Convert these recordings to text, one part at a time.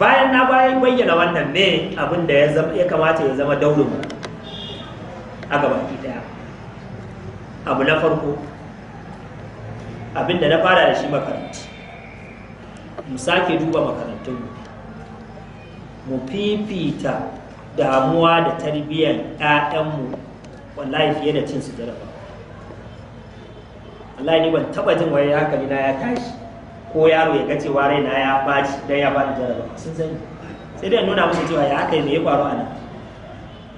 bayan na bayan bayyana wannan ne abin da ya kamata ya zama daurin a gabaki daya abu na farko abin da na fara da shi makarantu mu sake duba makarantunmu mu fifita damuwa da tarbiyyar 'ya'yanmu wallahi fiye da cin su jarabawa wallahi ban taɓa jin wani hankali na ya tashi ko yaro ya ga cewa raina ya baci dan ya bani jarabawa sun sani sai dai nuna musu cewa ya aka yi me ya faru a nan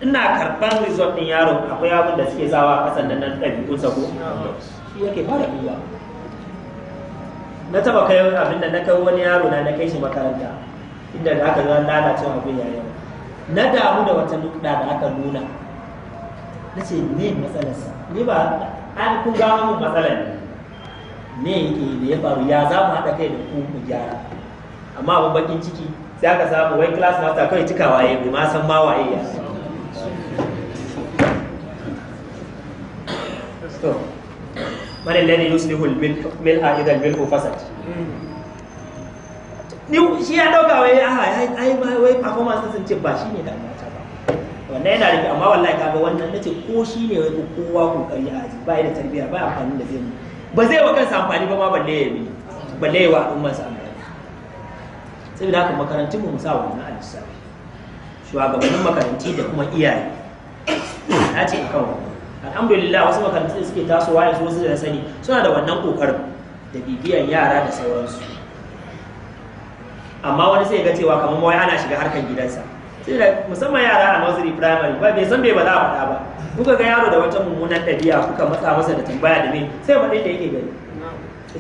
ina karban resort din yaro akwai abin da suke sawa a kasan da nan ɗabi'un sa ko shi yake fara biya na taɓa kai abin da na kai wani yaro na na kai shi makaranta inda da aka zan lalacewa abin yayin na damu da wata nukɗa da aka nuna na ce ne matsalarsa ni ba an kun mun matsalar ne me yake da ya faru ya za mu haɗa kai da ku mu gyara amma abin bakin ciki sai aka samu wai class master kawai cika waye bai ma san ma waye ya to ne alladhi hul al-milha idha al-milhu fasad ni shi ya dauka wai a ai wai performance sun ce ba shine da wannan yana rike amma wallahi kaga wannan nace ko shine wai kowa kokari a aji ba da tarbiyya ba amfani da zai ba zai wa kansa amfani ba ma balle ya yi balle ya wa al'ummarsa amfani da haka makarantun mu musa wannan alisafi shugabannin makaranti da kuma iyaye na ce akan wannan alhamdulillah wasu makarantun da suke tasowa yanzu wasu da sani suna da wannan kokarin da bibiyan yara da sauransu amma wani sai ga cewa kamar mawai ana shiga harkar gidansa sai da musamman yara a nursery primary ba bai san bai ba za a faɗa ba kuka ga yaro da wata mummunan ɗabi'a kuka matsa masa da tambaya da me sai faɗin da yake gani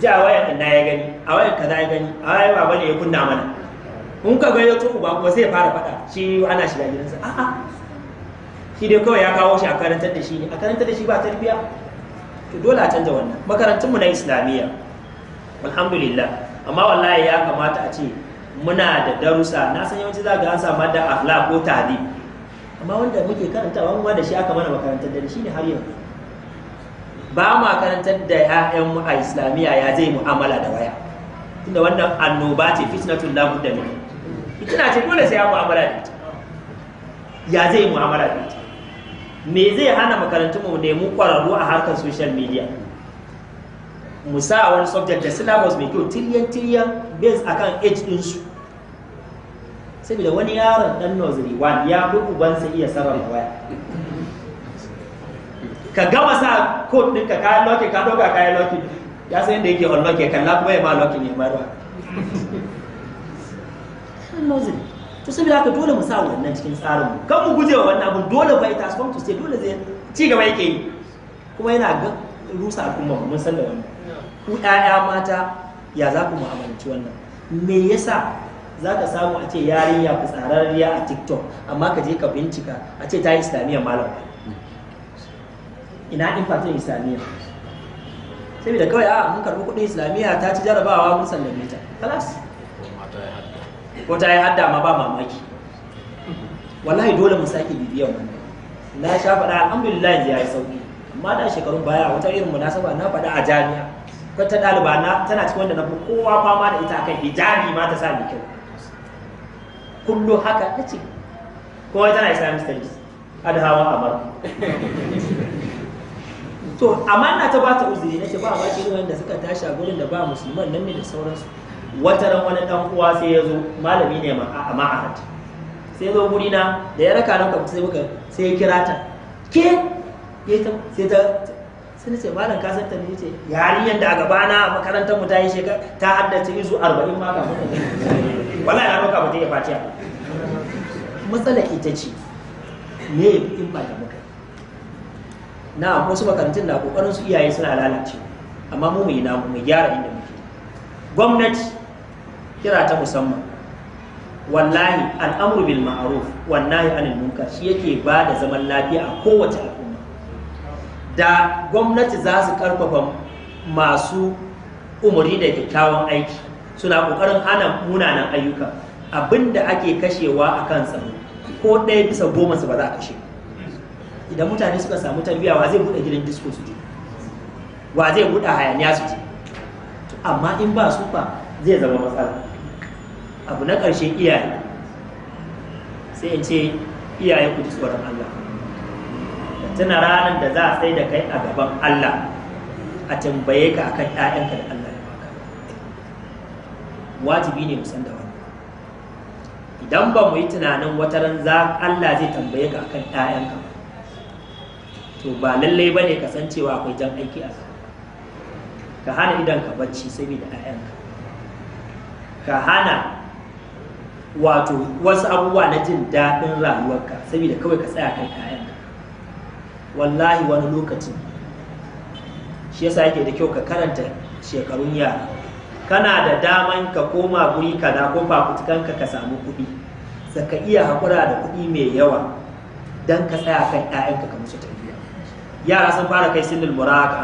ce a wayan ina ya gani a wayan kaza ya gani a wayan baba ne ya kunna mana kun ka gani ya tsohu ba kuma sai ya fara faɗa shi ana shiga gidansa a'a shi dai kawai ya kawo shi a karantar da shi ne a karantar da shi ba tarbiya to dole a canza wannan makarantunmu na islamiyya alhamdulillah amma wallahi ya kamata a ce muna da darusa na san yawanci za ga an samu da afla ko tadi amma wanda muke karantawa wanda shi aka mana makarantar da shi ne har yanzu ba ma karantar da 'ya'yanmu a Islamiya ya zai mu'amala da waya tunda wannan annoba ce fitnatul la budda min fitina ce dole sai ya mu'amala da ita ya zai mu'amala da ita me zai hana makarantunmu mu nemi kwararru a harkar social media mu sa wani subject da syllabus mai kyau tiriyan tiriyan based akan age din su saboda wani yaron dan nursery one ya fi ubansa iya sarrafa waya ka gama sa code din ka kayan lokin ka doka kayan lokin ya san yadda yake unlock kan kalla kuma ma lokin ya ma ruwa nursery to saboda haka dole mu sa wannan cikin tsarin mu kan mu wa wannan abin dole bai ta to sai dole zai ci gaba yake yi kuma yana rusa al'umma mun san da wannan ku ƴaƴa mata ya za ku mu'amalanci wannan me yasa za ka samu a ce yarinya tsararriya a tiktok amma ka je ka bincika a ce ta yi islamiyya malam ina impact islamiyya saboda kawai a mun karɓi kuɗin islamiyya ta ci jarabawa mun sallame ta kalas ko ta yi hadda ma ba mamaki wallahi dole mu sake bibiyan wannan na sha faɗa alhamdulillah ya yi sauki amma da shekarun baya wata irin munasaba na faɗa a jami'a wata ɗaliba na tana cikin wanda na fi kowa fama da ita akan hijabi ma ta sa mai kyau kullum haka ta ce kowa tana sami studies adhawa amar to amma na ta bata uzuri na ce ba ba irin wanda suka tashi a gurin da ba musulman nan ne da sauransu wata ran wani dan uwa sai ya zo malami ne a ma'ahad sai zo guri da ya raka nan sai muka sai ya kira ta ke sai ta Sun ce malam ka san ce yarinyar da a gabana makarantar mu ta yi shekar ta haddace izu 40 ma kafin wallahi na roka mutum ya fatiya matsala ita ce me ya in ba da muka na wasu makarantun na kokarin su iyaye suna lalace amma mu mai namu mai gyara inda muke gwamnati kira ta musamman wallahi al'amru bil ma'ruf wallahi anil munkar shi yake ba da zaman lafiya a kowace da gwamnati za su karfafa masu umarni da kyakkyawan aiki suna ƙoƙarin hana munanan ayyuka abinda ake kashewa a kan tsaro ko ɗaya bisa goma su ba za a kashe idan mutane suka samu tarbiyya wa zai buɗe gidan disko su je wa zai buɗe hayaniya su je amma in ba su fa zai zama matsala abu na ƙarshen iyaye sai in ce iyaye ku ji tsoron Allah tuna ranar da za a sai da kai a gaban Allah a tambaye ka akan ƴaƴanka da Allah ya baka wajibi ne mu san da wannan idan ba mu yi tunanin wata ran za Allah zai tambaye ka akan ƴaƴanka ba to ba lallai ba ne cewa akwai jan aiki a ka hana idan ka bacci saboda ƴaƴanka ka hana wato wasu abubuwa na jin daɗin rayuwarka saboda kawai ka tsaya kan ƴaƴanka wallahi wani lokaci shi yasa yake da kyau ka karanta shekarun yara kana da daman ka koma guri da ko fafutukanka ka samu kuɗi saka iya haƙura da kuɗi mai yawa don ka tsaya kan ƴaƴanka ka musu tafiya. yara sun fara kai sinil muraka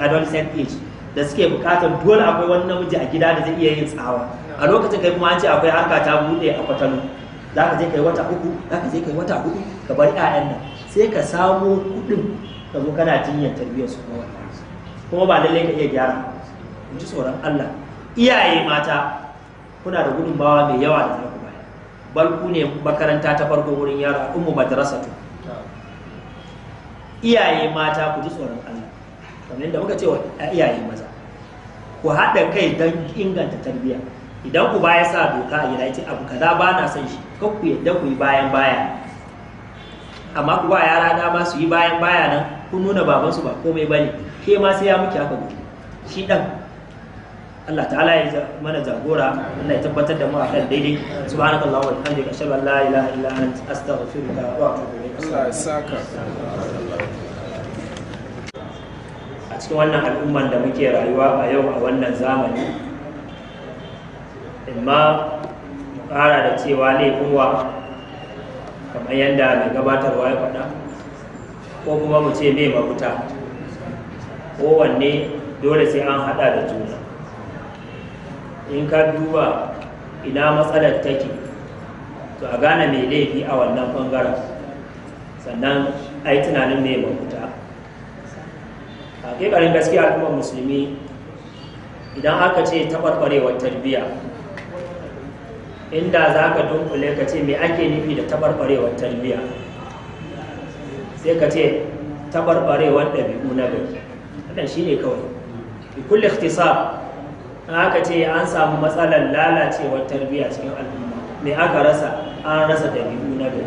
adolescent age da suke bukatar dole akwai wani namiji a gida da zai iya yin tsawa a lokacin kai kuma an ce akwai harka ta buɗe a kwatano za ka je kai wata uku za ka je kai wata hudu ka bar 'ya'yan nan sai ka samo kudin ka zo kana jinyar tarbiyyar su kawai kuma ba lallai ka iya gyara ku ji tsoron Allah iyaye mata kuna da gudunmawa mai yawa da za baya bayar bal ku ne makaranta ta farko wurin yara ummu madrasatu iyaye mata ku ji tsoron Allah kamar yadda muka ce wa iyaye maza ku haɗa kai don inganta tarbiyya idan ku baya sa doka a gida ce abu kaza ba na son shi kan yadda ku yi bayan baya amma ku ba yara dama su yi bayan baya nan kun nuna babansu ba komai ba ne ke ma sai ya muke aka gudu shi ɗan Allah ta'ala ya mana zagora Allah ya tabbatar da mu a kan daidai subhanakallah wa ashhadu an la ilaha illa anta astaghfiruka wa atubu ilayk Allah saka a cikin wannan al'umman da muke rayuwa a yau a wannan zamani amma ƙara da cewa laifin wa kamar yadda mai gabatarwa ya faɗa ko kuma mu ce mai mafuta kowanne dole sai an haɗa da juna in ka duba ina matsalar take to a gane mai laifi a wannan ɓangaren sannan a yi tunanin mai mafuta a ƙeƙarin gaskiya kuma musulmi idan aka ce taɓarɓarewar tarbiyya inda za ka dunkule ka ce me ake nufi da tabarbarewar tarbiyya sai ka ce tabarbarewar ɗabi'u na gari wannan shi ne kawai kulle ikhtisar aka ce an samu matsalar lalacewar tarbiyya cikin al'umma me aka rasa an rasa ɗabi'u na gari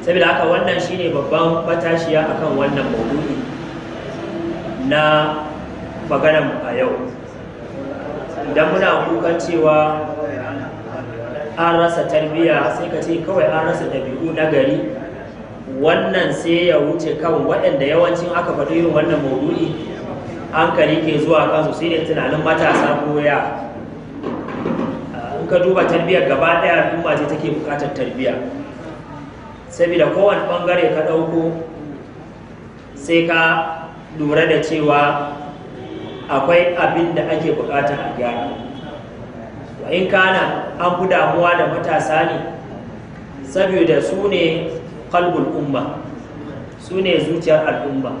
saboda haka wannan shine babban matashiya akan wannan maudu'i na maganar a yau idan muna kukan cewa an rasa tarbiyya sai ka ce kawai an rasa ɗabi'u na gari wannan sai ya wuce kan waɗanda yawancin aka faɗi yin wannan maudu'i hankali ke zuwa kansu sai ne tunanin matasa ko ya in ka duba tarbiyyar gaba ɗaya al'umma ce take buƙatar tarbiyya saboda kowane ɓangare ka ɗauko sai ka lura da cewa akwai abin da ake buƙatar a gyara a in kana an fi damuwa da matasa ne saboda su ne kalbul umma su ne zuciyar al'umma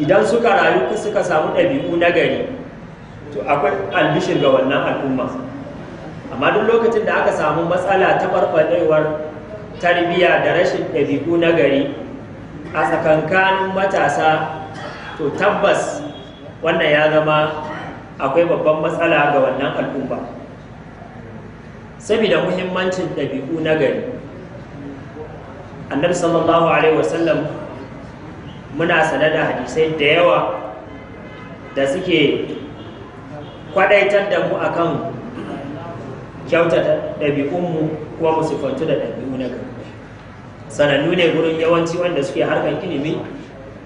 idan suka rayu suka samu ɗabi'u na gari to akwai albishin ga wannan al'umma amma duk lokacin da aka samu matsala ta farfadewar tarbiyya da rashin ɗabi'u na gari a tsakankanin matasa to tabbas wannan ya zama akwai babban matsala ga wannan al'umma saboda muhimmancin dabi'u na gari annabi sallallahu alaihi wasallam muna sanar da hadisai da yawa da suke kwadaitar da mu akan kyautata ɗabi'unmu kuma mu sifantu da dabi'u na gari sanannu ne gurin yawanci wanda suke harkar ilimi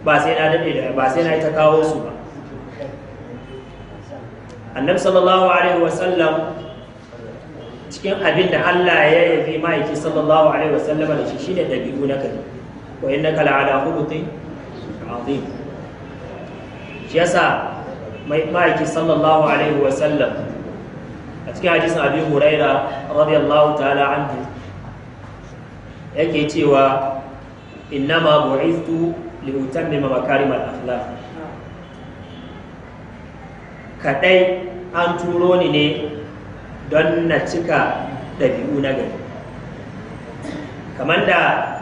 ba sai na daɗe da ba sai na yi ta kawo su ba annabi sallallahu alaihi wasallam cikin abin da Allah ya yabi ma'aiki sallallahu alaihi wasallam da shi shine dabi'u na kai wa innaka la'ala khuluqin azim shi yasa mai ma'aiki sallallahu alaihi wasallam a cikin hadisin abi huraira radiyallahu ta'ala anhu yake cewa innama bu'ithtu li utammima makarimal akhlaq Kadai an turo ni ne don na cika ɗabi'u na gari kamar da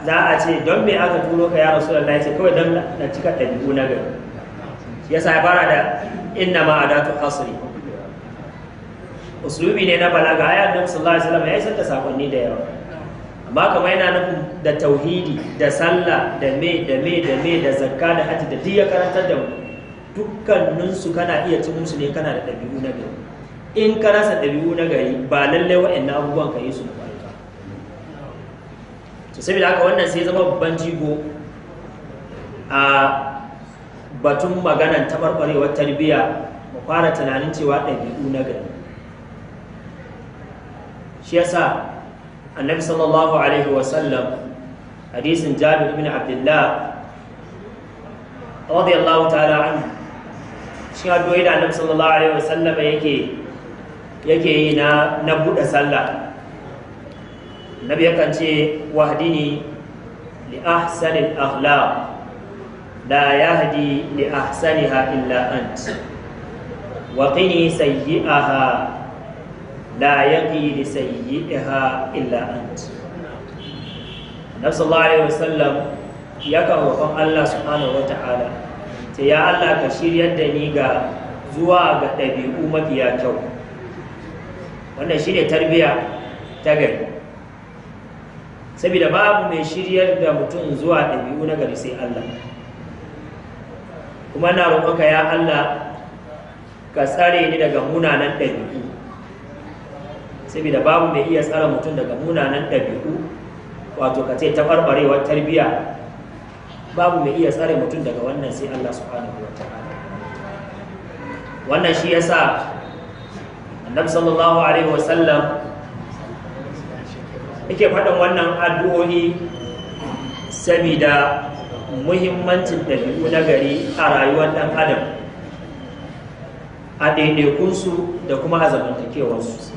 za a ce don me aka turo ka ya rasu da ce kawai don na cika ɗabi'u na gari ya sa fara da inna ma a datu kasri usulubi ne na balaga ayat nabi sallallahu alaihi wasallam ya isar da sakonni da yawa amma kamar yana nufin da tauhidi da sallah da me da me da me da zakka da hajji da duk ya karantar da mu dukkaninsu kana iya cin musu ne kana da ɗabi'u na gari in ka rasa ɗabi'u na gari ba lallai waɗannan abubuwan ka yi su na ƙwarai ba to saboda haka wannan sai zama babban jigo a batun maganan taɓarɓarewar tarbiyya mu fara tunanin cewa ɗabi'u na gari shi yasa annabi sallallahu alaihi wasallam hadisin jabir ibn abdullah radiyallahu ta'ala anhu cikin addu'o'i da annabi sallallahu alaihi wasallam yake yake yi na na buɗe sallah nabi yakan ce wahdini li ahsanil akhlaq la yahdi li ahsaniha illa ant wa qini sayyi'aha la yaqi li sayyi'iha illa ant annabi sallallahu alaihi wasallam yakan roƙon Allah subhanahu wata'ala ce ya Allah ka shiryar da ni ga zuwa ga ɗabi'u mafiya kyau wannan shi ne tarbiyya ta gari saboda babu mai shiryar da mutum zuwa ɗabi'u na gari sai Allah kuma na roƙonka ya Allah ka tsare ni daga munanan ɗabi'u saboda babu mai iya tsara mutum daga munanan ɗabi'u wato ka ce taɓarɓarewar tarbiyya babu mai iya tsare mutum daga wannan sai Allah subhanahu wa ta'ala wannan shi yasa annabi sallallahu alaihi wa sallam yake faɗin wannan addu'o'i saboda muhimmancin ɗabi'u na gari a rayuwar ɗan adam a ɗaiɗaikunsu da kuma a zamantakewarsu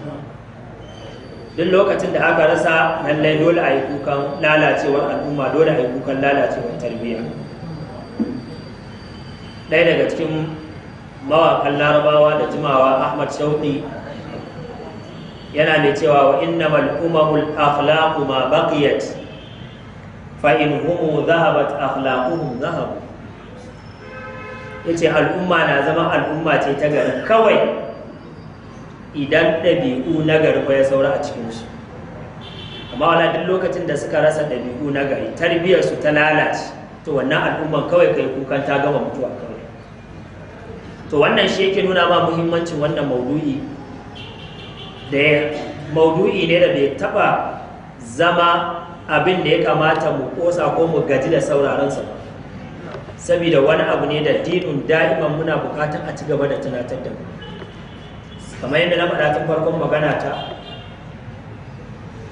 duk lokacin da aka rasa lallai dole a yi kukan lalacewar al'umma dole a yi kukan lalacewar tarbiyya ɗaya daga cikin mawaƙan larabawa da jimawa ahmad shauɗi yana mai cewa wa innamal umamul akhlaqu ma baqiyat fa in humu dhahabat akhlaquhum dhahabu yace al'umma na zama al'umma ce ta gari kawai idan ɗabi'u na gari ko ya saura a cikin shi amma wala duk lokacin da suka rasa ɗabi'u na gari tarbiyyar su ta lalace to wannan al'umman kawai kai kukan ta gama mutuwa kawai to wannan shi yake nuna ma muhimmancin wannan maudu'i da maudu'i ne da bai taba zama abin da ya kamata mu kosa ko mu gaji da sauraron sa saboda wani abu ne da dinun da'iman muna bukatar a ci gaba da tunatar da mu kamar yadda na faɗa tun farkon magana ta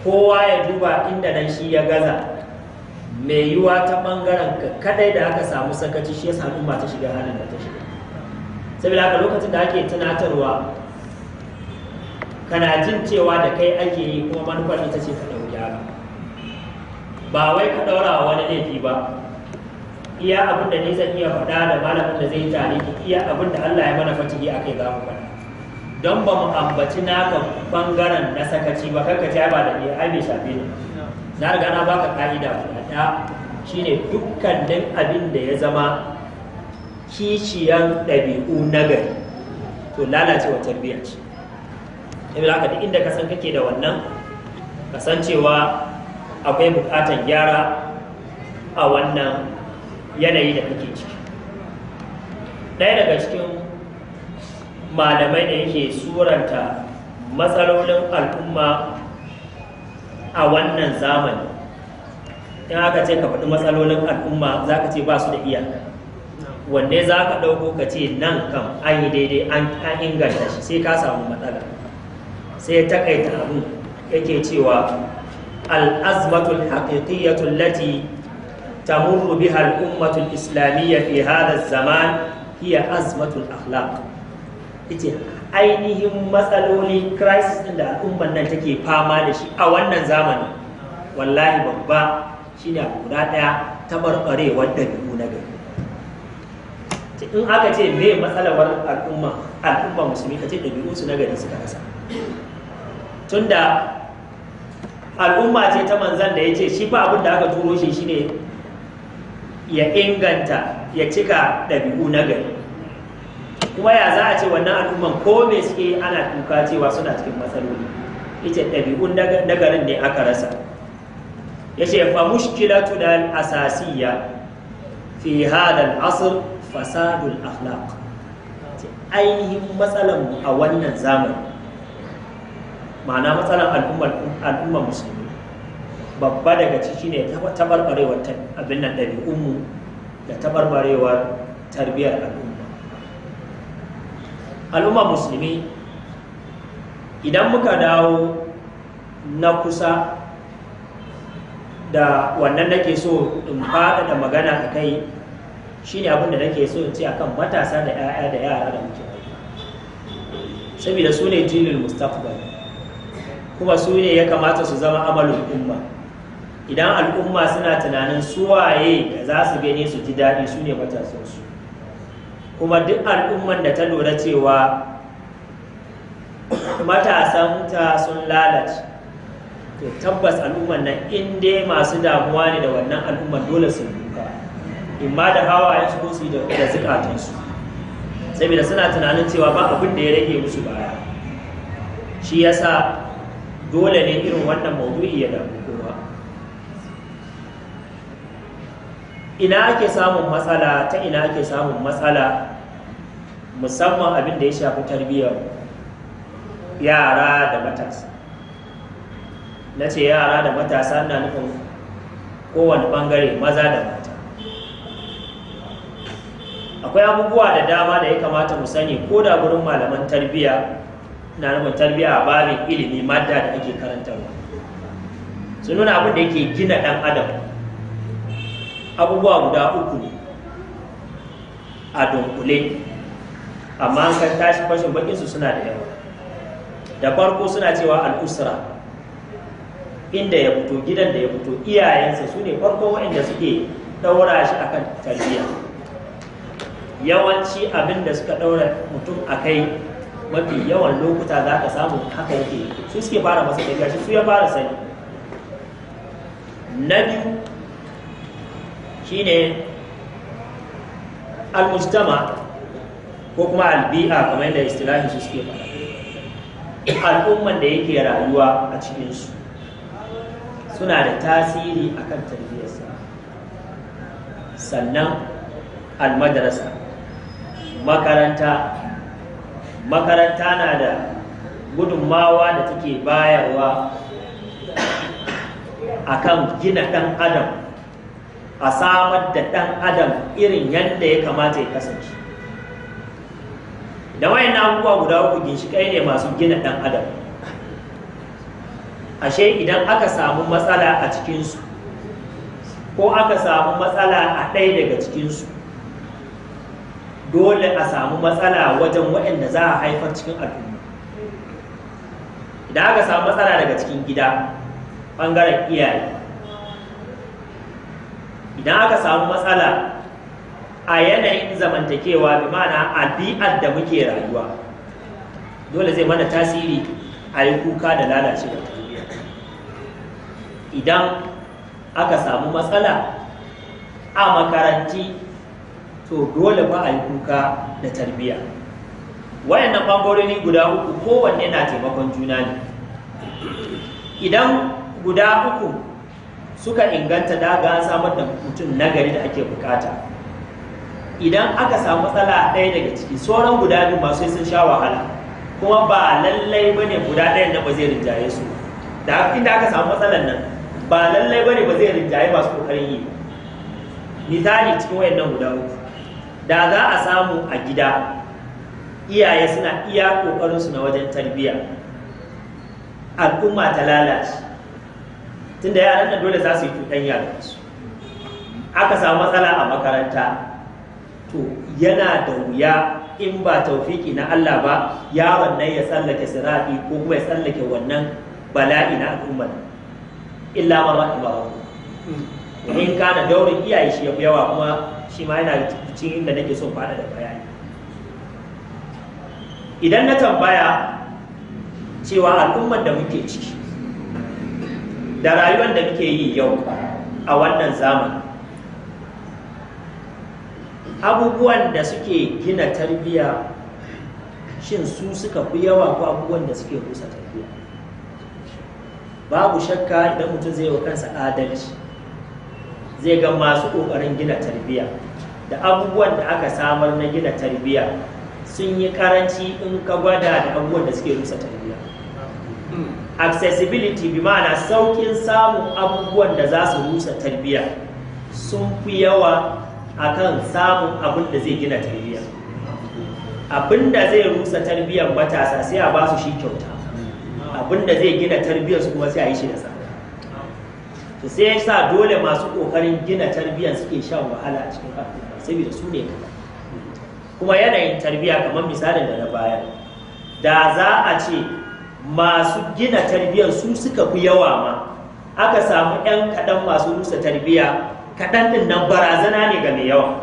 kowa ya duba inda nan shi ya gaza mai yiwa ta ɓangaren ka kadai da aka samu sakaci shi ya samu ta shiga halin da ta shiga saboda haka lokacin da ake tunatarwa kana jin cewa da kai ake yi kuma manufar ita ce ka ɗauki haka ba wai ka ɗaura wa wani laifi ba iya abin da ne iya faɗa da malamin da zai tare iya abin da Allah ya mana fatihi akai za mu faɗa don ba mu ambaci naka bangaren na sakaci ba kanka ta ba da ni ai bai shafe ni na riga na baka ka'ida guda shine dukkanin abin da ya zama kishiyar ɗabi'u na gari to lalacewa tarbiyya ce ibn haka duk inda ka san kake da wannan kasancewa akwai bukatan gyara a wannan yanayi da kake ciki ɗaya daga cikin malamai da yake suranta matsalolin al'umma a wannan zamani in aka ce ka faɗi matsalolin al'umma za ka ce ba su da iya wanda za ka ɗauko ka ce nan kam an yi daidai an inganta shi sai ka samu matsala sai ta takaita abu yake cewa al'azmatul haƙiƙiyatul lati murru biha al'ummatul islamiyya fi hada zaman hiya azmatul akhlaq ita ainihin matsaloli crisis din da al'ummar nan take fama da shi a wannan zamani wallahi babba shine guda daya tabarbarewar biyu na gari in aka ce me matsalawar al'umma al'umma musulmi ka ce ɗabi'unsu na gari suka rasa tunda al'umma ce ta manzan da ya ce shi ba abin da aka turo shi shine ya inganta ya cika ɗabi'u na gari kuma ya za a ce wannan al'umman ko mai suke ana kuka cewa suna cikin matsaloli Ita ɗabi'un nagarin ne aka rasa Ya ce fa mushkilatu da asasiyya fi hada al'asr fasadul akhlaq ainihin matsalan a wannan zamani ma'ana matsalan al'umman musulmi babba daga ciki ne tabarbarewar abin nan ɗabi'unmu da tabarbarewar tarbiyyar al'umma al'umma musulmi idan muka dawo na kusa da wannan nake so in da magana a kai shi ne abinda nake so in ce a kan matasa da 'ya'ya da yara da muke aiki saboda su ne jinin mustaqbal kuma su ne ya kamata su zama amalin umma idan al'umma suna tunanin suwaye da za su gani su ji daɗi su ne matasansu kuma duk al'ummar da ta lura cewa matasanta sun lalace to tabbas al'ummar nan in dai masu damuwa ne da wannan al'ummar dole su duka ma da hawayen su ko su da zukatansu saboda suna tunanin cewa ba abin da ya rage musu baya shi yasa dole ne irin wannan maudu'i ya damu ina ake samun matsala ta ina ake samun matsala musamman abin da ya shafi tarbiyyar yara da matasa na ce yara da matasa na nufin kowane bangare maza da mata akwai abubuwa da dama da ya kamata mu sani ko da gurin malaman tarbiyya na nufin tarbiyya a babin ilimi madda da ake karantarwa su nuna abin da yake gina ɗan adam abubuwa guda uku ne a dunkule amma an kan tashi fashin bakin su suna da yawa da farko suna cewa al'usra inda ya fito gidan da ya fito iyayensa su ne farko waɗanda suke ɗaura shi akan tarbiyya yawanci abin da suka ɗaura mutum a kai mafi yawan lokuta za ka samu haka yake su suke fara masa tarbiyya shi su ya fara sani na biyu shine al-mujtama ko kuma albi'a kamar yadda istilahin su suke faɗa al'umman da yake rayuwa a cikinsu suna da tasiri akan kan tarbiyyarsa sannan almadarasa makaranta makaranta na da gudunmawa da take bayarwa a kan gina ɗan adam a samar da ɗan adam irin yadda ya kamata ya kasance da wayan abubuwa guda uku ginshiƙai ne masu gina ɗan adam ashe idan aka samu matsala a cikinsu ko aka samu matsala a ɗaya daga cikinsu dole a samu matsala wajen waɗanda za a haifar cikin al'umma idan aka samu matsala daga cikin gida ɓangaren iyaye idan aka samu matsala a yanayin zamantakewa bi ma'ana addi'ar da muke rayuwa dole zai mana tasiri a yi kuka da lalacewa tarbiyya idan aka samu matsala a makaranti to dole ba a yi kuka da tarbiyya wayannan bangarori guda uku kowanne na taimakon juna ne idan guda uku suka inganta da ga samar da mutum nagari da ake bukata idan aka samu matsala ɗaya daga ciki sauran guda biyu masu sun sha wahala kuma ba lallai ba ne guda ɗayan nan ba zai rinjaye su da inda aka samu matsalan nan ba lallai ba ne ba zai rinjaye masu ƙoƙarin yi misali cikin wayannan guda uku da za a samu a gida iyaye suna iya ƙoƙarinsu na wajen tarbiyya al'umma ta lalace tunda yaran da dole za su yi cuɗanya da su aka samu matsala a makaranta to yana da wuya in ba taufiki na Allah ba yaron nan ya tsallake sirafi ko kuma ya tsallake wannan bala'i na al'ummar illa man ba rabbu in kana daurin iyaye shi yafi yawa kuma shi ma yana cikin inda nake son fada da bayani idan na tambaya cewa al'ummar da muke ciki da rayuwar da muke yi yau a wannan zamani abubuwan da suke gina tarbiyya shin su suka fi yawa ko abubuwan da suke rusa tarbiyya babu shakka idan mutum zai wa kansa adalci zai ga masu ƙoƙarin gina tarbiyya da abubuwan da aka samar na gina tarbiyya sun yi karanci in ka gwada da abubuwan da suke rusa tarbiyya accessibility bi ma'ana saukin samun abubuwan da za su rusa tarbiyya sun fi yawa a kan samun abin da zai gina tarbiyya abin da zai rusa tarbiyyar matasa sai a ba su shi kyauta abin da zai gina tarbiyyar su kuma sai a yi shi da sa sai ya sa dole masu kokarin gina tarbiyyar suke shan wahala a cikin al'umma saboda su ne kuma yanayin tarbiyya kamar misalin da na bayar da za a ce masu gina tarbiyyar su suka fi yawa ma aka samu 'yan kaɗan masu rusa tarbiyya kaɗan ɗin nan barazana ne ga mai yawa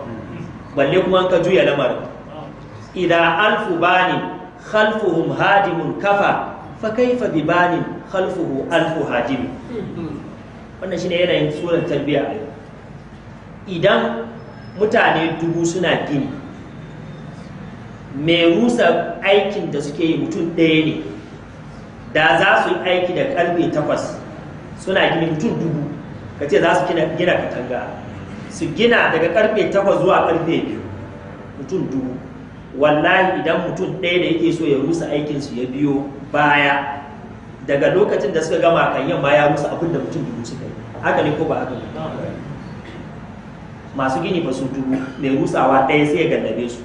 balle kuma ka juya lamarin idan alfu bani khalfuhum hadimun kafa fa kaifa bi bani khalfuhu alfu hadimu wannan shine yanayin suran tarbiyya idan mutane dubu suna gini mai rusa aikin da suke yi mutum ɗaya ne da za su yi aiki da karfe takwas suna gini mutum dubu ka ce za su gina katanga su gina daga karfe takwas zuwa karfe biyu mutum dubu wallahi idan mutum ɗaya da yake so ya rusa aikinsu ya biyo baya daga lokacin da suka gama kan yamma ya rusa abin da mutum dubu suka yi haka ne ko ba haka masu gini ba su dubu mai rusawa ɗaya sai ya gallabe su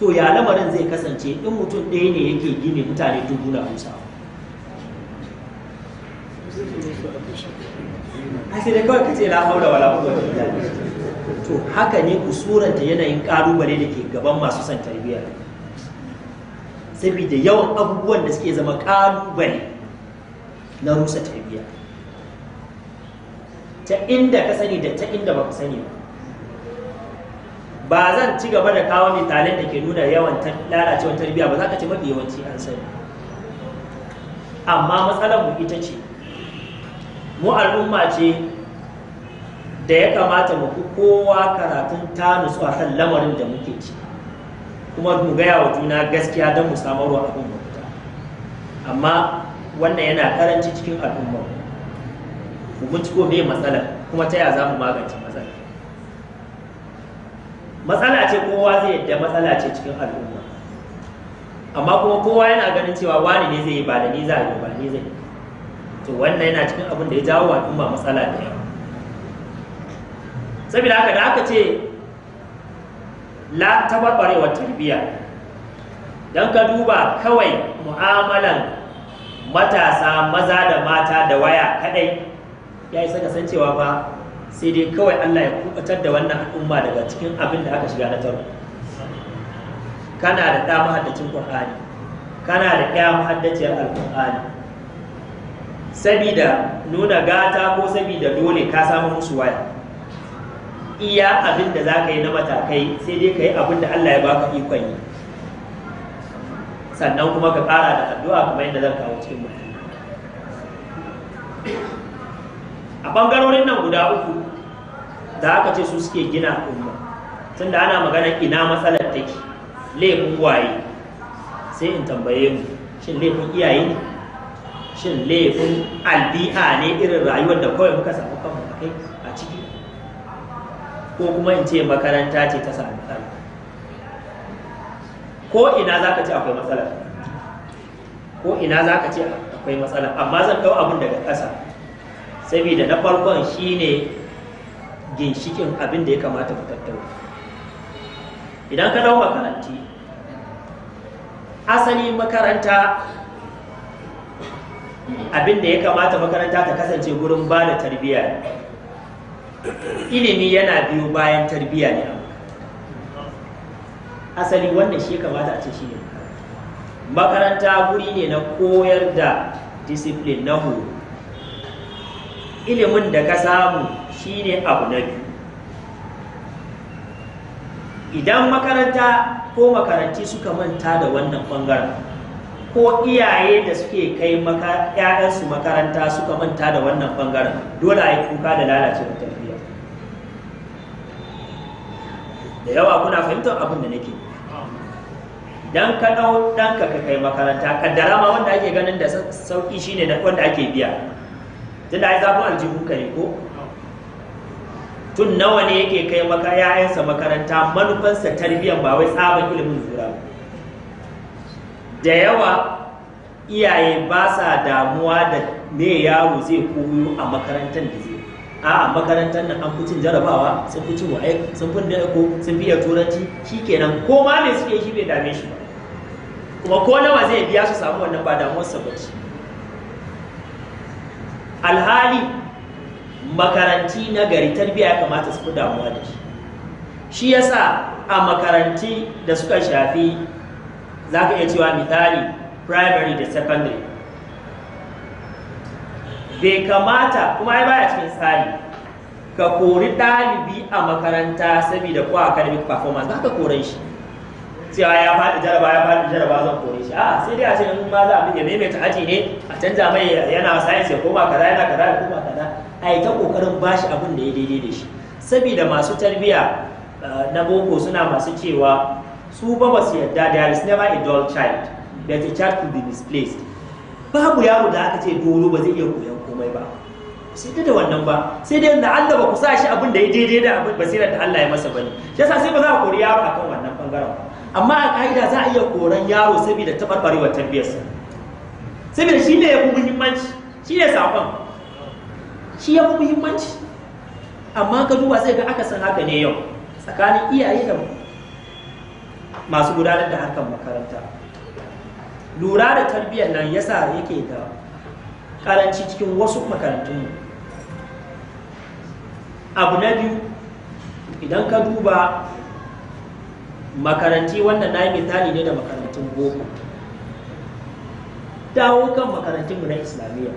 to ya lamarin zai kasance in mutum ɗaya ne yake gini mutane dubu na rusawa a sai dai kawai kace la da wala quwwata illa billah to haka ne usuranta yanayin ƙalubale da ke gaban masu son tarbiyya saboda yawan abubuwan da suke zama ƙalubale na rusa tarbiyya ta inda ka sani da ta inda ba ka sani ba ba zan ci gaba da kawo misalan da ke nuna yawan lalacewar tarbiyya ba za ka ce mafi yawanci an sani amma matsalar mu ita ce mu al'umma ce da ya kamata mu fi kowa karatun ta nusu a kan lamarin da muke ci kuma mu gaya wa juna gaskiya don mu samarwa abin mafita amma wannan yana karanci cikin al'ummar mu ciko me matsalar kuma ta yaya za mu magance matsalar matsala ce kowa zai yadda matsala ce cikin al'umma amma kuma kowa yana ganin cewa wani ne zai yi ba da ni za a yi ba ni zai yi to wannan yana cikin abin da ya jawo wa al'umma matsala da yawa saboda haka da aka ce la tabarbarewar tarbiyya don ka duba kawai mu'amalan matasa maza da mata da waya kadai ya san cewa ba sai dai kawai Allah ya kubatar da wannan al'umma daga cikin abin da aka shiga na tarbiyya kana da ɗa mahaddacin Qur'ani kana da ɗaya mahaddaciyar al sabida nuna gata ko sabida dole ka samu musu waya iya abin da za ka yi na matakai sai dai ka yi abin da Allah ya baka ikon yi sannan kuma ka kara da addu'a kamar yadda zan kawo cikin mutum a bangarorin nan guda uku da aka ce su suke gina umma tunda ana magana ina matsalar take laifin waye sai in tambaye mu shin laifin iyaye ne shin laifin albi'a ne irin rayuwar da kawai muka samu kanmu a kai a ciki ko kuma in ce makaranta ce ta sami matsala ko ina za ka ce akwai matsala ko ina za ka ce akwai matsala amma zan dau abin daga ƙasa saboda na farkon shine ginshikin abin da ya kamata mu tattauna idan ka ɗau makaranti asali makaranta abin da ya kamata makaranta ta kasance wurin ba da tarbiyya ilimi yana biyo bayan tarbiyya ne asali wannan shi kamata a ce shi ne makaranta guri ne na koyar da discipline na horo ilimin da ka samu shi ne abu na biyu idan makaranta ko makaranti suka manta da wannan bangaren ko iyaye da suke kai ‘ya'yansu makaranta suka manta da wannan bangaren dole a yi kuka da lalace da tafiya. da yawa kuna fahimtar abin da nake don ka ɗau ɗan ka kai makaranta kaddara ma wanda ake ganin da sauƙi shine wanda ake biya tunda zafi zafin ka ne ko tun nawa ne yake kai maka ‘ya'yansa makaranta manufansa tarbiyyar ba wai tsaban ilimin zura ba da yawa iyaye ba sa damuwa da me yaro zai koyo a makarantar da zai a makarantar nan an kucin jarabawa sun fi cin wa'ai sun fi ko sun fi iya turanci nan. ko ma me suke shi bai dame shi ba kuma ko nawa zai biya su samu wannan ba damuwar sa ba alhali makaranti na gari tarbiya ya kamata su fi damuwa da shi shi yasa a makaranti da suka shafi za ka iya cewa misali primary da secondary bai kamata kuma ya baya cikin tsari ka kori ɗalibi a makaranta saboda ko academic performance za ka kore shi cewa ya faɗi jaraba ya faɗi jaraba zan kore shi a sai dai a ce in ma za a ya maimaita aji ne a canza mai yana science ya koma kaza yana kaza ya koma kaza a yi ta kokarin bashi abin da ya daidai da shi saboda masu tarbiyya eh, na boko suna masu cewa su ba ba su yadda there is never a dull child that a child could be misplaced babu yaro da aka ce dolo ba zai iya koyan komai ba sai da wannan ba sai dai da Allah ba ku sa shi abin da ya daidai da abin basira da Allah ya masa bane shi yasa sai ba za ku kori yaro akan wannan bangaren ba amma a ka'ida za a iya koran yaro saboda tabarbarewar tarbiyarsa saboda shi ne ya fi muhimmanci shi ne sakon shi ya fi muhimmanci amma ka duba sai ga aka san haka ne yau tsakanin iyaye da mu masu gudanar da harkar makaranta lura da tarbiyyar nan yasa yake da karanci cikin wasu makarantunmu abu na biyu idan ka duba makaranti wannan na yi misali ne da makarantun boko dawo kan makarantunmu na islamiyya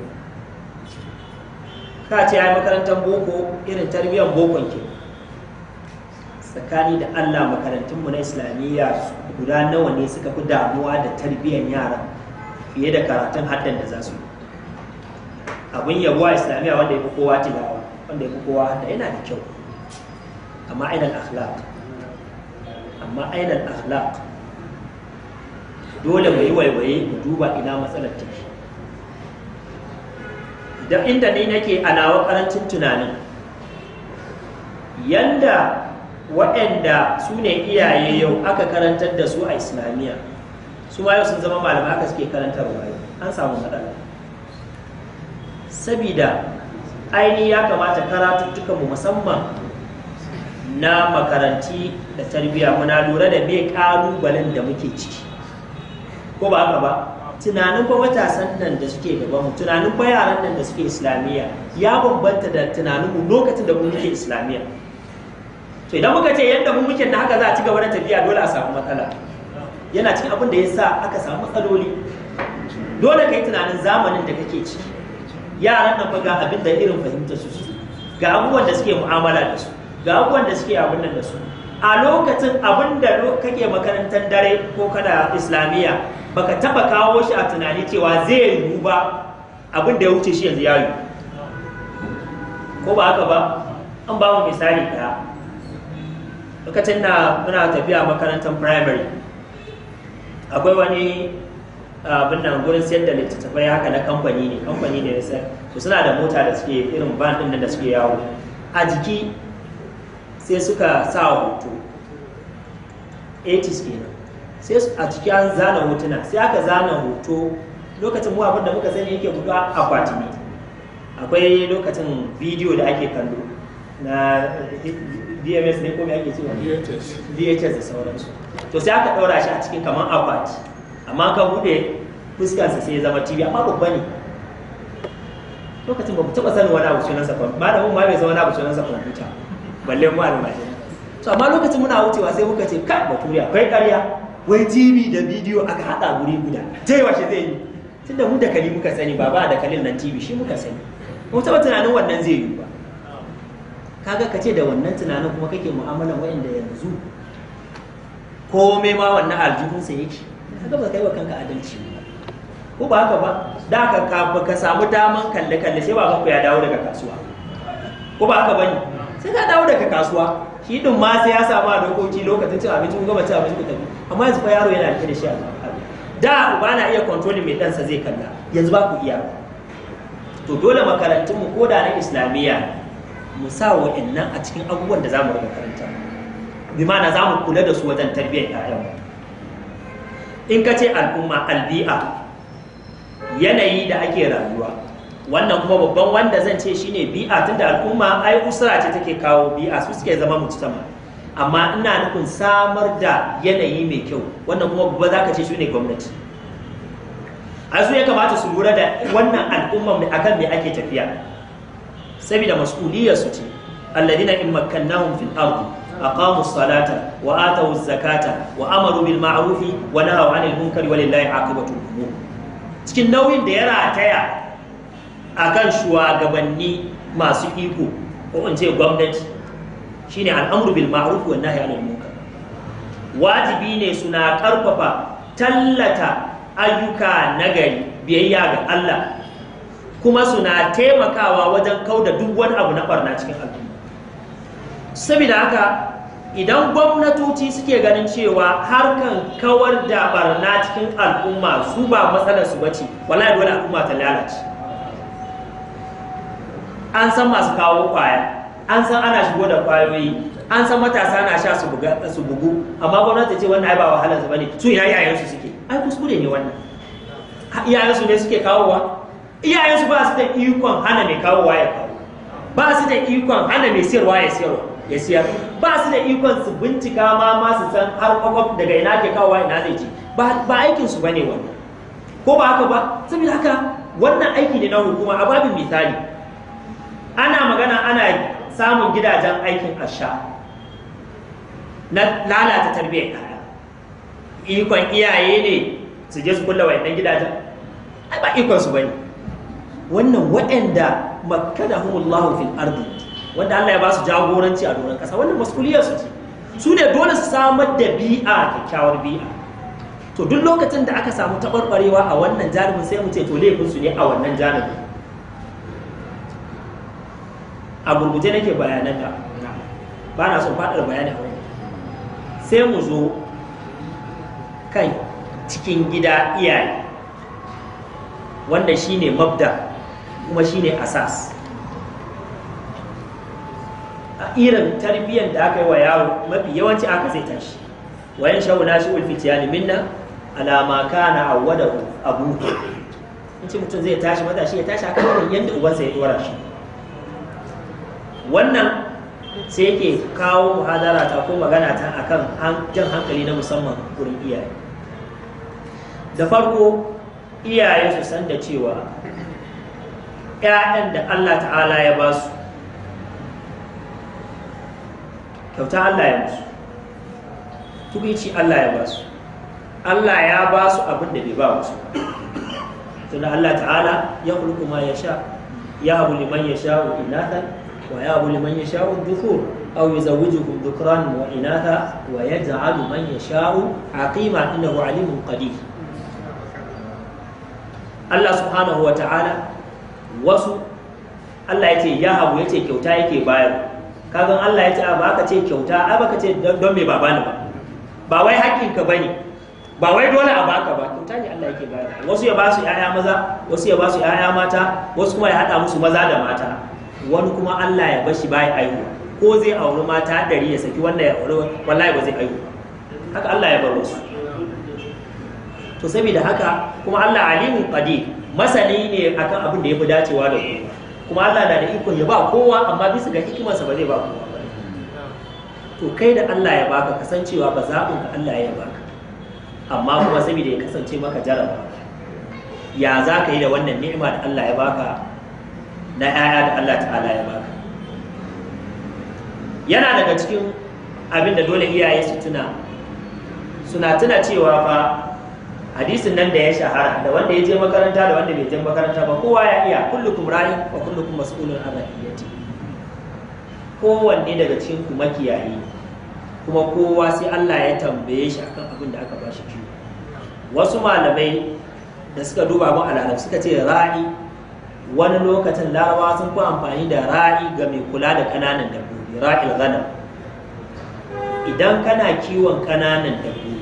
ka ce ya makarantar boko irin tarbiyyar bokon ke tsakani da Allah makarantunmu na islamiyya guda nawa ne suka fi damuwa da tarbiyyar yara fiye da karatun haddan da za su yi abin yabuwa islamiyya wanda ya fi kowa tilawa wanda ya fi kowa da yana da kyau amma ainihin akhlaq amma ainihin akhlaq dole mu yi waiwaye mu duba ina matsalar take idan inda ne nake a nawa karancin tunanin yanda waɗanda su ne iyaye yau aka karantar da su a islamiyya su ma yau sun zama malamai aka suke wayo, an samu matsala sabida ainihi ya kamata karatuttukan mu musamman na makaranti da tarbiyya muna lura da mai ƙalubalen da muke ciki ko ba haka ba tunanin ba matasan nan da suke gaba mu tunanin fa yaran nan da suke islamiyya ya bambanta da tunanin mu lokacin da muke islamiyya to idan muka ce yadda mun muke na haka za a ci gaba da tafiya dole a samu matsala yana cikin abin da ya sa aka samu matsaloli dole ka yi tunanin zamanin da kake ciki yaran nan ga abin da irin fahimtar su ga abubuwan da suke mu'amala da su ga abubuwan da suke abin nan da su a lokacin abin da kake makarantar dare ko kana islamiyya baka taba kawo shi a tunani cewa zai yiwu ba abin da ya wuce shi yanzu ya yi ko ba haka ba an ba mu misali ɗaya lokacin da muna tafiya makarantar primary akwai wani ah, abin nan gurin sayar da littattafai haka na kamfani ne kamfani ne ya Su suna da mota da suke irin ban din da suke yawo a jiki sai suka sa hoto 80s kenan sai a jiki an zana hotuna sai aka zana hoto lokacin mu abin da muka sani yake gudu a ne akwai lokacin bidiyo da ake kallo na eh, dms ne ko mai ake cewa dhs da sauransu to sai aka ɗaura shi a cikin kamar akwati amma ka buɗe fuskansa sai ya zama tv amma babba ne lokacin ba ku taɓa sanin wani abu sunansa kwamfuta malamin ma bai zama wani abu sunansa kwamfuta balle mu almashi to amma lokacin muna wucewa sai muka ce kai bature akwai ƙarya wai tv da bidiyo aka haɗa guri guda je shi zai yi tunda mu da kali muka sani baba da kalin nan tv shi muka sani ko taɓa tunanin wannan zai yi ba kaga ka ce da wannan tunanin kuma kake mu'amalan wa'anda yanzu komai ma wannan aljihunsa yake kaga ba kai wa kanka adalci ba ko ba haka ba da ka kafa ka samu daman kalle kalle sai ku ya dawo daga kasuwa ko ba haka bane sai ka dawo daga kasuwa shi din ma sai ya samu a dokoki lokacin cin abinci kuma gama cin abinci ku tafi amma yanzu fa yaro yana da da shi a da uba na iya kontroli mai ɗansa zai kalla yanzu ba ku iya to dole makarantunmu ko da na islamiyya mu sa wa'annan a cikin abubuwan da za mu rika karanta bi na za mu kula da su wajen tarbiyyar ƴaƴan in ka ce al'umma albi'a yanayi da ake rayuwa wannan kuma babban wanda zan ce shine bi'a tunda al'umma ai usra ce take kawo bi'a su suke zama sama, amma ina nufin samar da yanayi mai kyau wannan kuma ba za ka ce shi ne gwamnati a su ya kamata su lura da wannan al'umman akan me ake tafiya saboda mas'uliyar su ce alladina in makkannahum fil ardi aqamu salata wa atu zakata wa amaru bil ma'ruf wa nahaw 'anil munkari walillahi 'aqibatu umur cikin nauyin da ya rataya akan shugabanni masu iko ko in ce gwamnati shine al'amru bil ma'ruf wa nahyi 'anil munkar wajibi ne suna karfafa tallata ayyuka nagari biyayya ga Allah kuma suna taimakawa wajen kauda duk wani abu na barna cikin al'umma saboda haka idan gwamnatoci suke ganin cewa harkan kawar da barna cikin al'umma su ba matsalar su bace wallahi dole al'umma ta lalace an san masu kawo kwaya an san ana shigo da kwayoyi an san matasa na sha su bugu amma gwamnati ce wannan ai ba wahalar su bane su yayi ayyansu suke ai kuskure ne wannan iyayen su ne suke kawowa iyayensu ba su da ikon hana mai kawo ya kawo ba su da ikon hana mai siyarwa ya siyarwa ya siyar ba su da ikon su bincika ma ma su san har kwakwaf daga ina ke waye na zai ci ba aikinsu ba ne wannan ko ba haka ba saboda haka wannan aiki ne na hukuma a babin misali ana magana ana samun gidajen aikin asha na lalata tarbiyyar kaya ikon iyaye ne su je su kulla wayannan gidajen ai ba ikon su bane wannan waɗanda makkanahumullahu fil ardi wanda Allah ya ba su jagoranci a doron kasa, wannan masuliyar su ce su ne dole su samar da bi'a kyakkyawar bi'a to duk lokacin da aka samu taɓarɓarewa a wannan jarumin sai mu ce to laifin su ne a wannan jarumin a gurguje nake bayananta ba na son faɗar bayani a wani sai mu zo kan cikin gida iyaye wanda shine mabda kuma shine asas a irin tarbiyyar da aka yi wa yaro mafi yawanci aka zai tashi wayan na shi ulfitiyani minna alama kana da abu in ce mutum zai tashi shi ya tashi a kan yadda ubansa ya dora shi wannan sai yake kawo muhadara ta ko magana ta akan jan hankali na musamman wurin iyaye da farko iyaye su san da cewa Ƴaƴan da Allah ta'ala ya ba su kyauta Allah ya su tukici Allah ya ba su Allah ya ba su abin da bai ba wasu tunda Allah ta'ala ya hulku ma ya sha ya abu liman ya sha'u inatan wa ya abu liman ya sha'u dukur aw yuzawwijukum dhukran wa inatha wa yaj'alu man yasha'u aqima innahu alimun qadir Allah subhanahu wa ta'ala wasu Allah ya ce ya habu ya ce kyauta yake bayar kazan Allah ya ce ba ka ce kyauta ai baka ce don me babani ba ba wai haƙƙinka bane ba wai dole a baka ba kyauta ne Allah yake bayar wasu ya ba su ‘ya’ya maza wasu ya ba su ƴaƴa mata wasu kuma ya haɗa musu maza da mata wani kuma Allah ya bashi baya aihu ko zai auri mata ɗari ya saki wanda ya auri wallahi ba zai aihu haka Allah ya bar wasu to saboda haka kuma Allah alimun qadir masani ne akan abin da ya fi dacewa da kowa kuma Allah na da ikon ya ba kowa amma bisa ga hikimarsa ba zai ba kowa ba to kai da Allah ya baka kasancewa ba zaɓin ka Allah ya baka amma kuma saboda ya kasance maka jaraba ya za ka yi da wannan ni'ima da Allah ya baka na 'ya'ya da Allah ta'ala ya baka yana daga cikin abin da dole iyaye su tuna suna tuna cewa fa hadisin nan da ya shahara da wanda ya je makaranta da wanda bai je makaranta ba kowa ya iya kullukum ra'i wa kullukum mas'ulun an ra'iyati kowanne daga cikin ku makiyayi kuma kowa sai Allah ya tambaye shi akan abin da aka bashi kiwo wasu malamai da suka duba mu a suka ce ra'i wani lokacin larawa sun fi amfani da ra'i ga mai kula da kananan dabbobi ra'il ghanam idan kana kiwon kananan dabbobi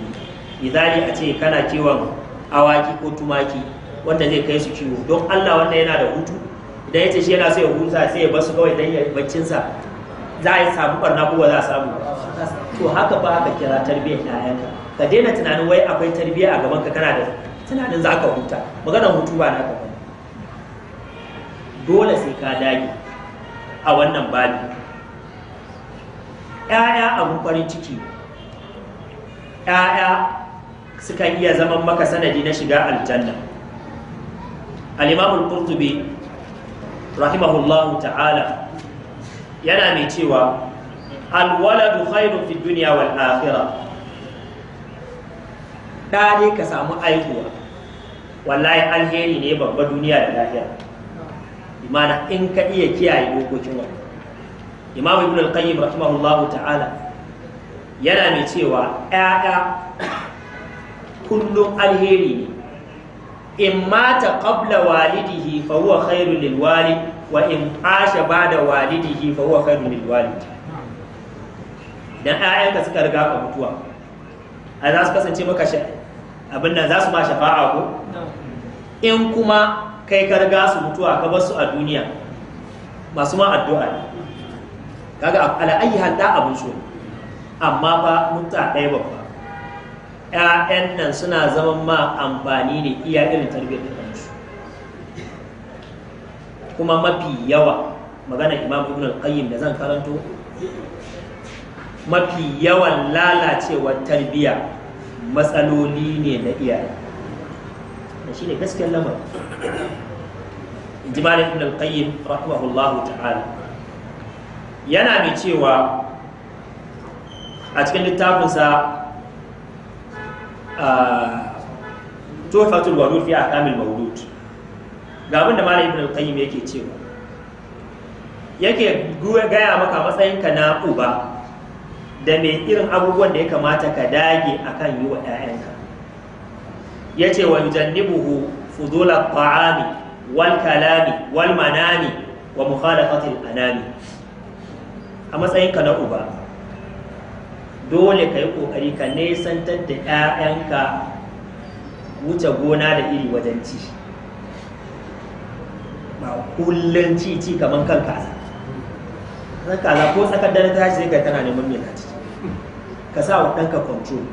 izali a ce kana kiwon awaki ko tumaki wanda zai kai su kiwo don Allah wanda yana da hutu idan yace shi yana so ya huta sai ya bar su kawai dan ya baccin sa za a samu barna ko za a samu to haka ba haka kira tarbiyyar ƴaƴanka ka daina tunanin wai akwai tarbiyya a gaban ka kana da tunanin za ka huta maganar hutu ba naka ba dole sai ka dage a wannan babi ƴaƴa abun farin ciki ƴaƴa sukan iya zaman maka sanadi na shiga aljanna al-imam qurtubi rahimahullahu ta'ala yana mai cewa alwaladu khairun fi dunya wal akhirah da ne ka samu aihuwa wallahi alheri ne babba duniya da lahira imana in ka iya kiyaye dokokin wa imamu ibn al-qayyim rahimahullahu ta'ala yana mai cewa ƴaƴa kullum alheri ne in mata qabla walidihi fa huwa khairu lil walid wa in asha ba'da walidihi fa huwa khairu lil walid dan ayyanka suka riga ka mutuwa a za su kasance maka abin nan za su ma shafa'a ko in kuma kai ka riga su mutuwa ka bar su a duniya masu ma addu'a ne kaga ala ayi hal da abun so amma fa mutta ɗaya babba 'ya'yan nan suna zama ma amfani ne iya irin tarbiyyar da kansu kuma mafi yawa magana imam ibn al-qayyim da zan karanto mafi yawan lalacewar tarbiyya matsaloli ne na iyaye da shi ne gaskiyar lamar jimal ibn al-qayyim rahimahullahu ta'ala yana mai cewa a cikin littafinsa tuhfatul wadud fi ahkamil mawlud ga abin da malam ibnu qayyim yake cewa yake gaya maka ka na uba da mai irin abubuwan da ya kamata ka dage akan yi wa 'ya'yanka ya ce wa yujannibuhu fudula ta'ami wal kalami wal manami wa mukhalafatil anami a matsayin ka na uba dole ka yi ƙoƙari ka nesantar da 'ya'yanka wuce gona da iri wajen ci ba kullum ci ci kamar kan kaza kan kaza ko tsakar dare ta sai kai tana neman mai ci ka sa wa ɗanka control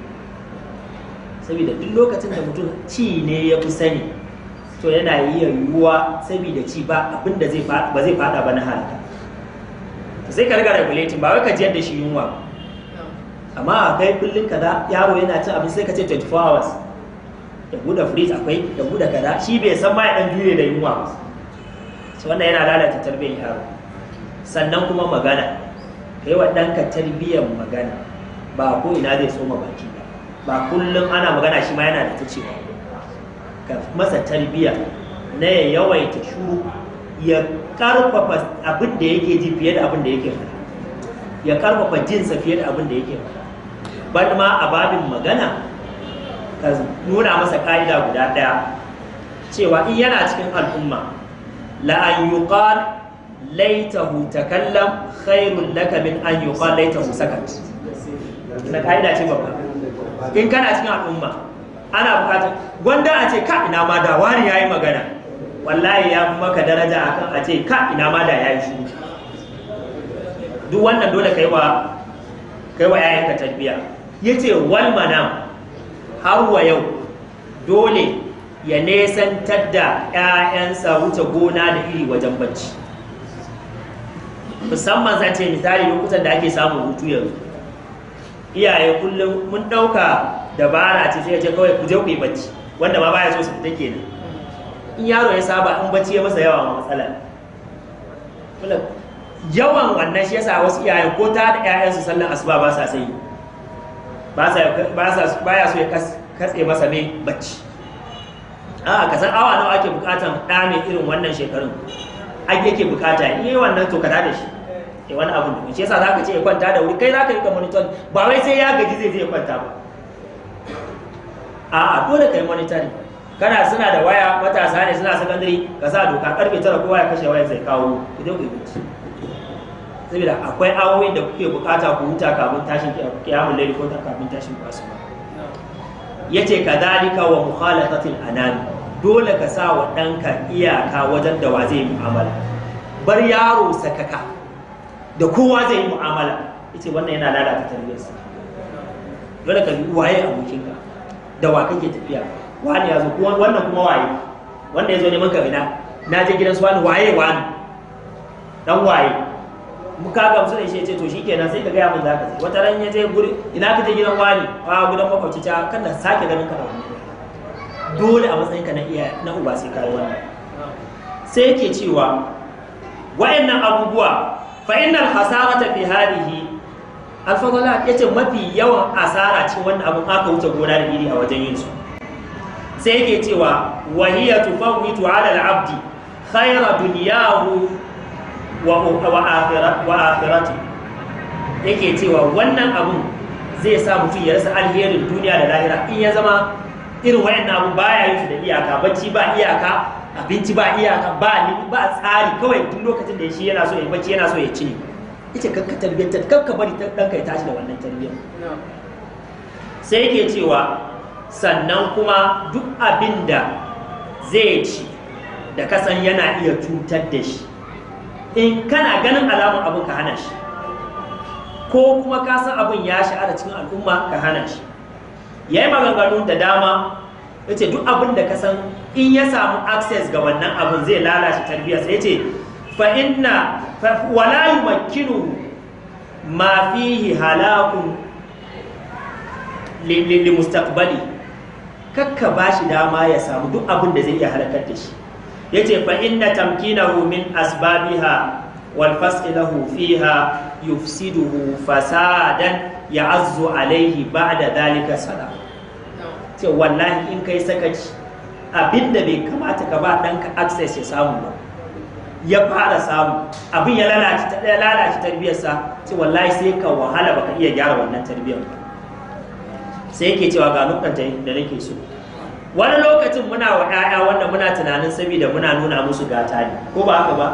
saboda duk lokacin da mutum ci ne ya fi sani to yana iya yiwuwa saboda ci ba abin da ba zai fada ba na halitta sai ka riga regulating ba wai ka jiyar da shi yunwa ba amma a kai kullum kaza yaro yana cin abinci sai ka ce 24 hours da buɗe fridge akwai da buɗe kaza shi bai san ma ya ɗan jure da yunwa ba so wannan yana lalata tarbiyyar yaro sannan kuma magana kai wa ɗanka tarbiyyar magana ba ko ina zai soma baki ba ba kullum ana magana shi ma yana da ta cewa ka masa tarbiyya na ya yawaita shuru ya karfafa abin da yake ji fiye da abin da yake faɗa ya karfafa jinsa fiye da abin da yake faɗa ban ma a babin magana ka nuna masa ka'ida guda ɗaya cewa in yana cikin al'umma la'an an yuqal laitahu takallam khairun lakamin min an yuqal laitahu sakat na ka'ida ce babba in kana cikin al'umma ana bukatar gwanda a ce ka ina ma da wani yi magana wallahi ya fi maka daraja akan a ce ka ina ma da yi shi duk wannan dole kai wa wa yayanka tarbiyya ce, wal nan, har wa yau dole ya nesantar da 'ya'yansa wuce gona da iri wajen bacci musamman za ce misali lokutan da ake samun hutu yanzu iyaye kullum mun ɗauka dabara ce sai ce kawai kuje je bacci wanda ma baya so su fita kenan in yaro ya saba in bacci ya masa yawa matsala yawan wannan shi yasa wasu iyayen ko ta da 'ya'yansu sallan asuba ba sa sai ba ya so ya katse masa mai bacci a ka san awa nawa ake bukatan ɗa mai irin wannan shekarun ake yake bukata in yi wannan to ka da shi ya wani abu da ce sa za ka ce ya kwanta da wuri kai za ka yi monitor ba wai sai ya gaji zai zai kwanta ba a'a dole ka yi monitor. kana suna da waya matasa ne suna sakandare ka sa doka karfe tara kowa ya kashe waya zai kawo idan ku yi saboda akwai awoyin da kuke bukata ku huta kafin tashin kiyamun laili ko kafin tashin asuba yace kadhalika wa mukhalatatil anan dole ka sa wa ɗanka iyaka wajen da wa zai mu'amala bar yaro sakaka da kowa zai mu'amala yace wannan yana lalata tarbiyyarsa dole ka yi waye abokinka da wa kake tafiya wani ya zo wannan kuma waye wanda ya zo neman ka na je gidan su wani waye wani dan waye muka musu da shi ya ce to shi kenan sai ka gaya mun za ka je wata ran ya je guri ina ka je gidan wani a gidan makwabci ta kan da sake ganin ka da wani dole a matsayin ka na iya na uba sai ka yi wannan sai yake cewa wa'annan abubuwa fa innal hasarata fi hadhihi alfadala yace mafi yawan asara ce wannan abun aka wuce gona da iri a wajen yin su sai yake cewa wahiyatu tufawwitu ala al-abdi khayra dunyahu wa akhirati yake cewa wannan abun zai sa mutum ya rasa alherin duniya da lahira in ya zama irin wayannan ba ya yi su da iyaka bacci ba iyaka abinci ba iyaka ba ba tsari kawai duk lokacin da shi yana so ya bacci yana so ya ci ne ita kanka tarbiyyar kanka bari ɗanka ya tashi da wannan tarbiyyar sai yake cewa sannan kuma duk abin da zai ci da kasan yana iya cutar da shi in kana ganin alamun abin ka hana shi ko kuma ka san abin ya sha'ara cikin al'umma ka hana shi ya yi maganganu da dama ya ce duk abin da ka san in ya samu access ga wannan abin zai lalace tarbiyyarsa ya ce fa'inna walayu makinu ma fihi halakun limustakbali kakka ba shi dama ya samu duk abin da zai iya halakar da shi yace fa inna tamkinahu min asbabiha wal fas'ilahu fiha yufsiduhu fasadan ya'azzu alaihi ba'da dalika sala ce wallahi in kai sakaci abinda bai kamata ka ba danka access ya samu ba ya fara samu abin ya lalace lalace tarbiyarsa ce wallahi sai ka wahala baka iya gyara wannan tarbiyar sai yake cewa ga nukan da nake so wani lokacin muna wa 'ya'ya wanda muna tunanin saboda muna nuna musu gata ne ko ba haka ba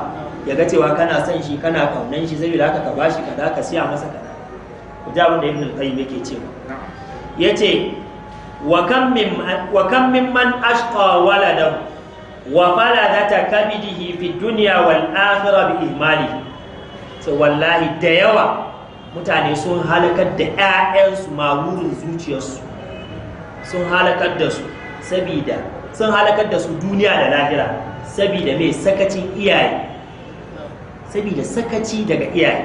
ya ga cewa kana son shi kana kaunan shi saboda haka ka bashi kaza ka siya masa kaza ku ji abin da ibn al-qayyim yake cewa yace wa kam min wa kam mimman ashqa waladahu wa faladata kabidihi fi dunya wal wallahi da yawa mutane sun halakar da 'ya'yansu ma wurin zuciyarsu sun halakar da su sabida sun halakar da su duniya da lahira sabida mai sakacin iyaye sabida sakaci daga iyaye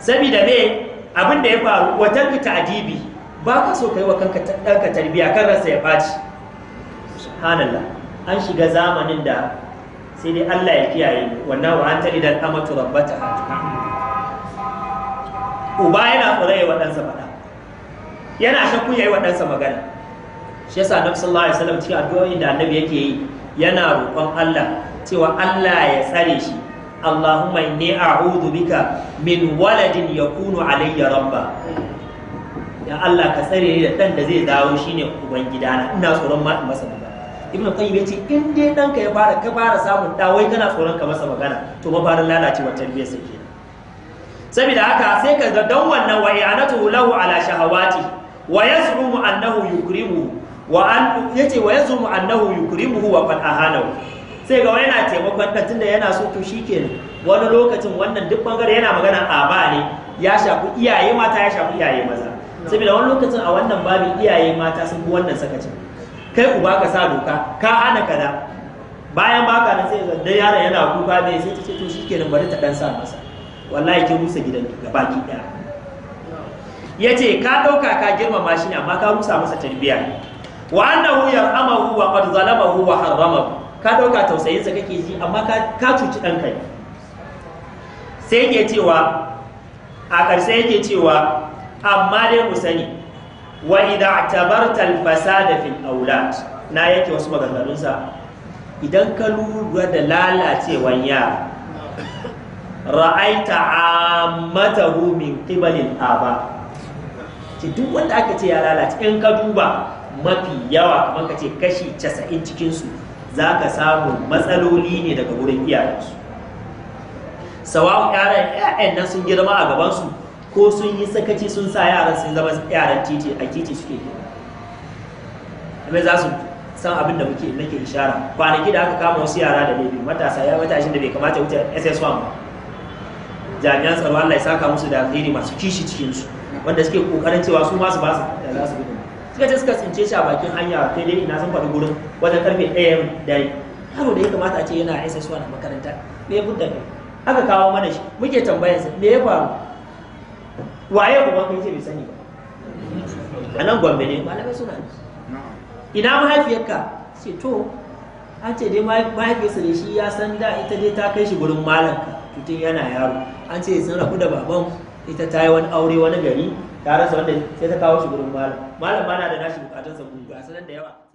sabida mai abin da ya faru wajen ka ta'adibi ba ka so ka yi wa kanka ɗanka tarbiya kan rasa ya faci subhanallah an shiga zamanin da sai dai Allah ya kiyaye wannan wa anta idan amatu rabbata uba yana tsoraye wa ɗansa faɗa yana shakku yayi wa ɗansa magana shi yasa annabi sallallahu alaihi wasallam cikin addu'o'in da annabi yake yi yana roƙon Allah cewa Allah ya tsare shi Allahumma inni a'udhu bika min waladin yakunu alayya rabba ya Allah ka tsare ni da dan da zai dawo shine uban gidana ina tsoron ma masa magana ibn qayyim yace in dai danka ya fara ka fara samun da wai kana tsoron ka masa magana to ba fara lalacewa tarbiyyar sa ke saboda haka sai ka ga dan wannan wa'i'anatu lahu ala shahawati wa yasrumu annahu yukrimuhu wa an yace wa yazumu annahu yukrimuhu wa a ahanahu sai ga yana taimakon ka tunda yana so to shikenan wani lokacin wannan duk bangare yana magana aba ne ya shafi iyaye mata ya shafi iyaye maza saboda wani lokacin a wannan babin iyaye mata sun fi wannan sakacin kai uba ka sa doka ka hana kaza bayan baka nan sai da yaron yana kuka ne sai ta ce to shikenan bari ta dan sa masa wallahi ki rusa gidan gabaki daya yace ka dauka ka girmama shi ne amma ka rusa masa tarbiyya wa annahu ya'amahu wa qad zalamahu wa harramahu ka dauka tausayin sa kake ji amma ka ka cuci dan kai sai yake cewa a karshe yake cewa amma dai ku sani wa idza atabarta al fasada fil aulad na yake wasu maganganun sa idan ka lura da lalacewan yara ra'aita ammatahu min qibalil aba ce duk wanda aka ce ya lalace in ka duba mafi yawa kamar ka ce kashi casa'in cikinsu za ka samu matsaloli ne daga wurin iyayensu sawa'u yaran nan sun girma a gabansu ko sun yi sakaci sun sa yaran sun zama yaran titi a titi suke kuma za su san abin da muke nake ishara kwanaki da aka kama wasu yara da bebi matasa ya matashin da bai kamata wuce ss1 ba jami'an tsaro Allah ya saka musu da alheri masu kishi cikinsu wanda suke kokarin cewa su masu ba su da za su gudu suka je suka tsince shi a bakin hanya daidai ina sun faɗi gurin wajen karfe ɗaya dare yaro da ya kamata a ce yana isa 1 a makaranta me ya budda kai aka kawo mana shi muke tambayarsa me ya faru waye uban kai ce bai sani ba a nan gombe ne malamai suna ne ina mahaifiyarka sai to an ce dai mahaifiyarsa da shi ya san da ita dai ta kai shi gurin malamka tutun yana yaro an ce sun rabu da baban ita ta yi wani aure wani gari ta rasa wanda sai ta kawo shi gurin malam malam ba na da nashi bukatunsa ga sanan da yawa